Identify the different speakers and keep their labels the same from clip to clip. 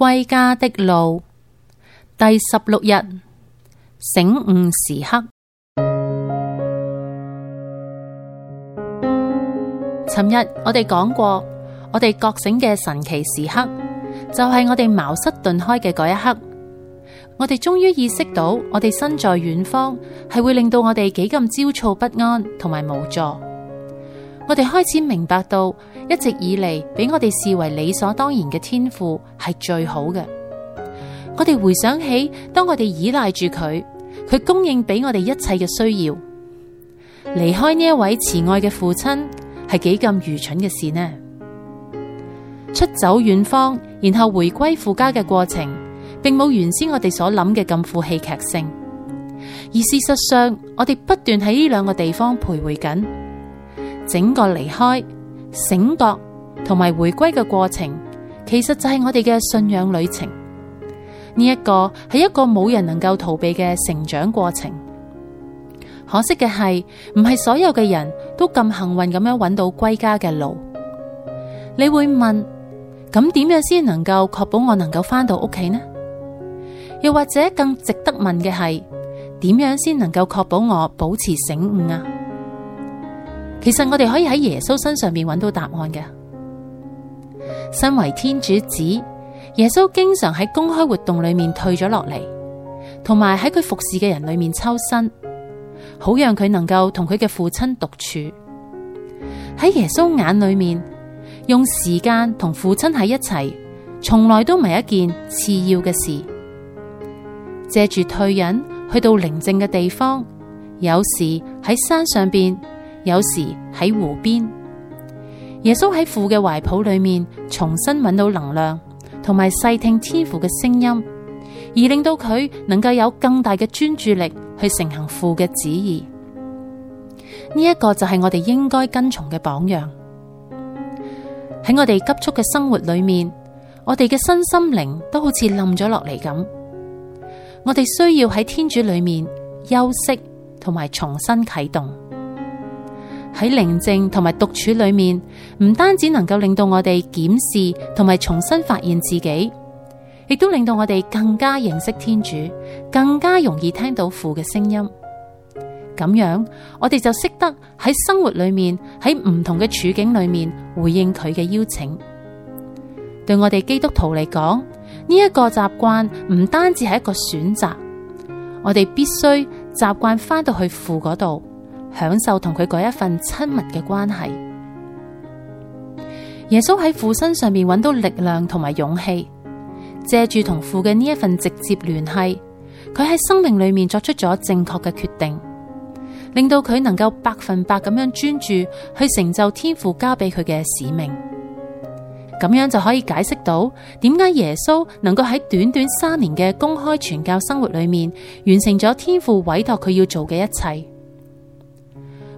Speaker 1: 歸家的路，第十六日，醒悟時刻。尋日我哋講過，我哋覺醒嘅神奇時刻就係、是、我哋茅塞頓開嘅嗰一刻，我哋終於意識到我哋身在遠方係會令到我哋幾咁焦躁不安，同埋無助。我哋開始明白到，一直以嚟俾我哋視為理所當然嘅天父係最好嘅。我哋回想起，當我哋依賴住佢，佢供應俾我哋一切嘅需要。離開呢一位慈愛嘅父親係幾咁愚蠢嘅事呢？出走遠方，然後回歸父家嘅過程，並冇原先我哋所諗嘅咁富戲劇性。而事實上，我哋不斷喺呢兩個地方徘徊緊。整個離開、醒覺同埋回歸嘅過程，其實就係我哋嘅信仰旅程。呢、這個、一個係一個冇人能夠逃避嘅成長過程。可惜嘅係，唔係所有嘅人都咁幸運咁樣搵到歸家嘅路。你會問，咁點樣先能夠確保我能夠返到屋企呢？又或者更值得問嘅係，點樣先能夠確保我保持醒悟啊？其實我哋可以喺耶穌身上邊揾到答案嘅。身為天主子，耶穌經常喺公開活動裏面退咗落嚟，同埋喺佢服侍嘅人裏面抽身，好讓佢能夠同佢嘅父親獨處。喺耶穌眼裏面，用時間同父親喺一齊，從來都唔係一件次要嘅事。借住退隱去到寧靜嘅地方，有時喺山上邊。有時喺湖邊，耶穌喺父嘅懷抱裏面，重新揾到能量，同埋細聽天父嘅聲音，而令到佢能夠有更大嘅專注力去承行父嘅旨意。呢、這、一個就係我哋應該跟從嘅榜樣。喺我哋急促嘅生活裏面，我哋嘅身心靈都好似冧咗落嚟咁。我哋需要喺天主裏面休息，同埋重新啟動。喺寧靜同埋獨處裏面，唔單止能夠令到我哋檢視同埋重新發現自己，亦都令到我哋更加認識天主，更加容易聽到父嘅聲音。咁樣，我哋就識得喺生活裏面，喺唔同嘅處境裏面回應佢嘅邀請。對我哋基督徒嚟講，呢一個習慣唔單止係一個選擇，我哋必須習慣翻到去父嗰度。享受同佢嗰一份親密嘅關係。耶穌喺父身上面搵到力量同埋勇氣，借住同父嘅呢一份直接聯繫，佢喺生命裏面作出咗正確嘅決定，令到佢能夠百分百咁樣專注去成就天父交俾佢嘅使命。咁樣就可以解釋到點解耶穌能夠喺短短三年嘅公開傳教生活裏面完成咗天父委託佢要做嘅一切。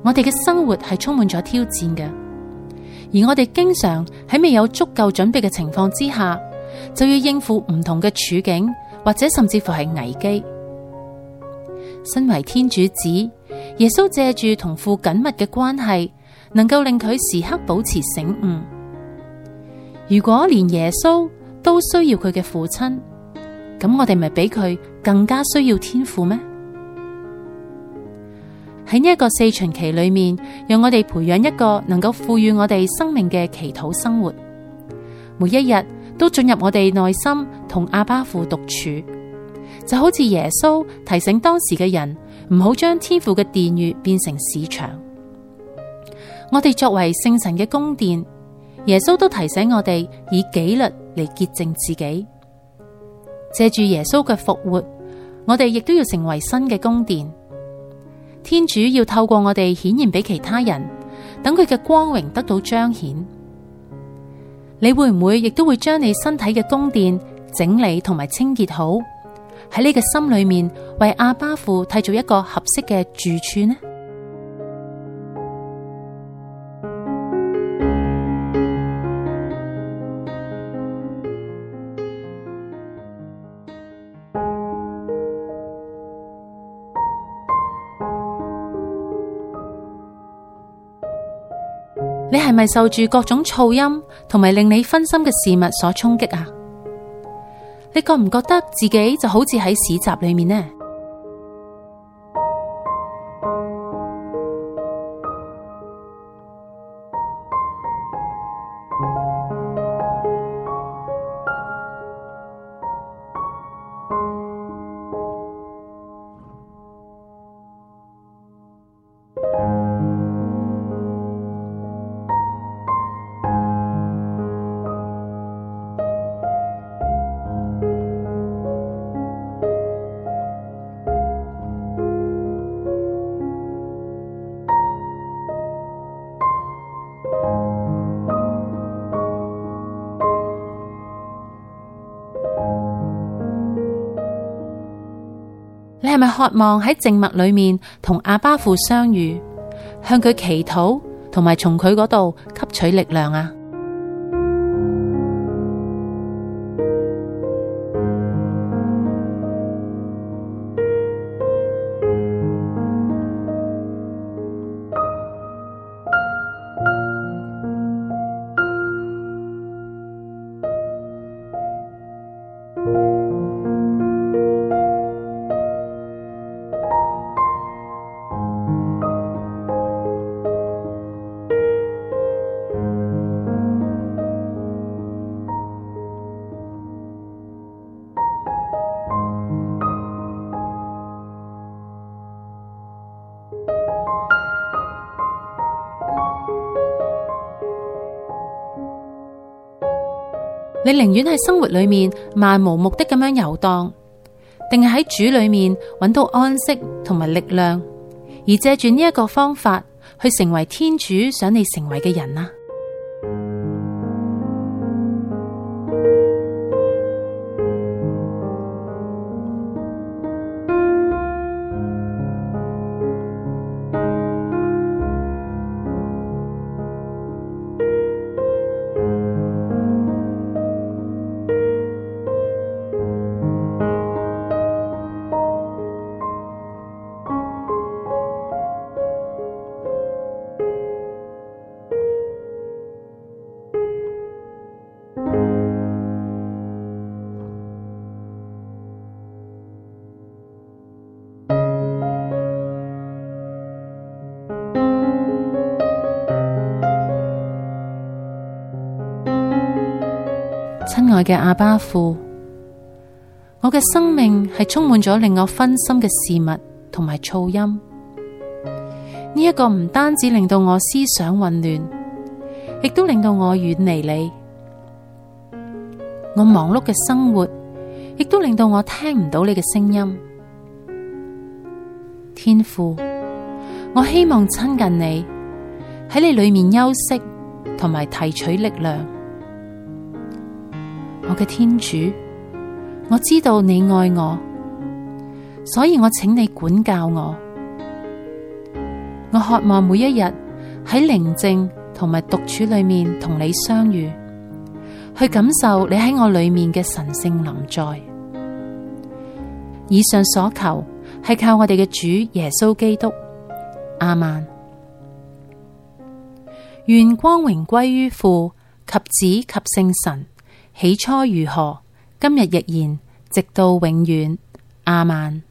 Speaker 1: 我哋嘅生活係充滿咗挑戰嘅，而我哋經常喺未有足夠準備嘅情況之下，就要應付唔同嘅處境，或者甚至乎係危機。身為天主子，耶穌藉住同父緊密嘅關係，能夠令佢時刻保持醒悟。如果連耶穌都需要佢嘅父親，咁我哋咪比佢更加需要天父咩？喺呢一個四旬期裏面，讓我哋培養一個能夠賦予我哋生命嘅祈禱生活。每一日都進入我哋內心同阿爸父獨處，就好似耶穌提醒當時嘅人，唔好將天父嘅殿宇變成市場。我哋作為聖神嘅宮殿，耶穌都提醒我哋以紀律嚟潔淨自己。借住耶穌嘅復活，我哋亦都要成為新嘅宮殿。天主要透過我哋，顯現俾其他人，等佢嘅光榮得到彰顯。你會唔會亦都會將你身體嘅宮殿整理同埋清潔好，喺你嘅心裏面為阿爸父締造一個合適嘅住處呢？係咪受住各種噪音同埋令你分心嘅事物所衝擊啊？你覺唔覺得自己就好似喺市集裏面呢？你係咪渴望喺靜默裏面同阿爸父相遇，向佢祈禱，同埋從佢嗰度汲取力量啊？你寧願喺生活裏面漫無目的咁樣遊蕩，定係喺主裏面搵到安息同埋力量，而借住呢一個方法去成為天主想你成為嘅人啊？親愛嘅阿爸父，我嘅生命係充滿咗令我分心嘅事物同埋噪音。呢一個唔單止令到我思想混亂，亦都令到我遠離你。我忙碌嘅生活，亦都令到我聽唔到你嘅聲音。天父，我希望親近你，喺你裏面休息同埋提取力量。我嘅天主，我知道你愛我，所以我請你管教我。我渴望每一日喺寧靜同埋獨處裏面同你相遇，去感受你喺我裏面嘅神聖臨在。以上所求，係靠我哋嘅主耶穌基督。亞孟。願光榮歸於父及子及聖神。起初如何，今日亦然，直到永遠。亞孟。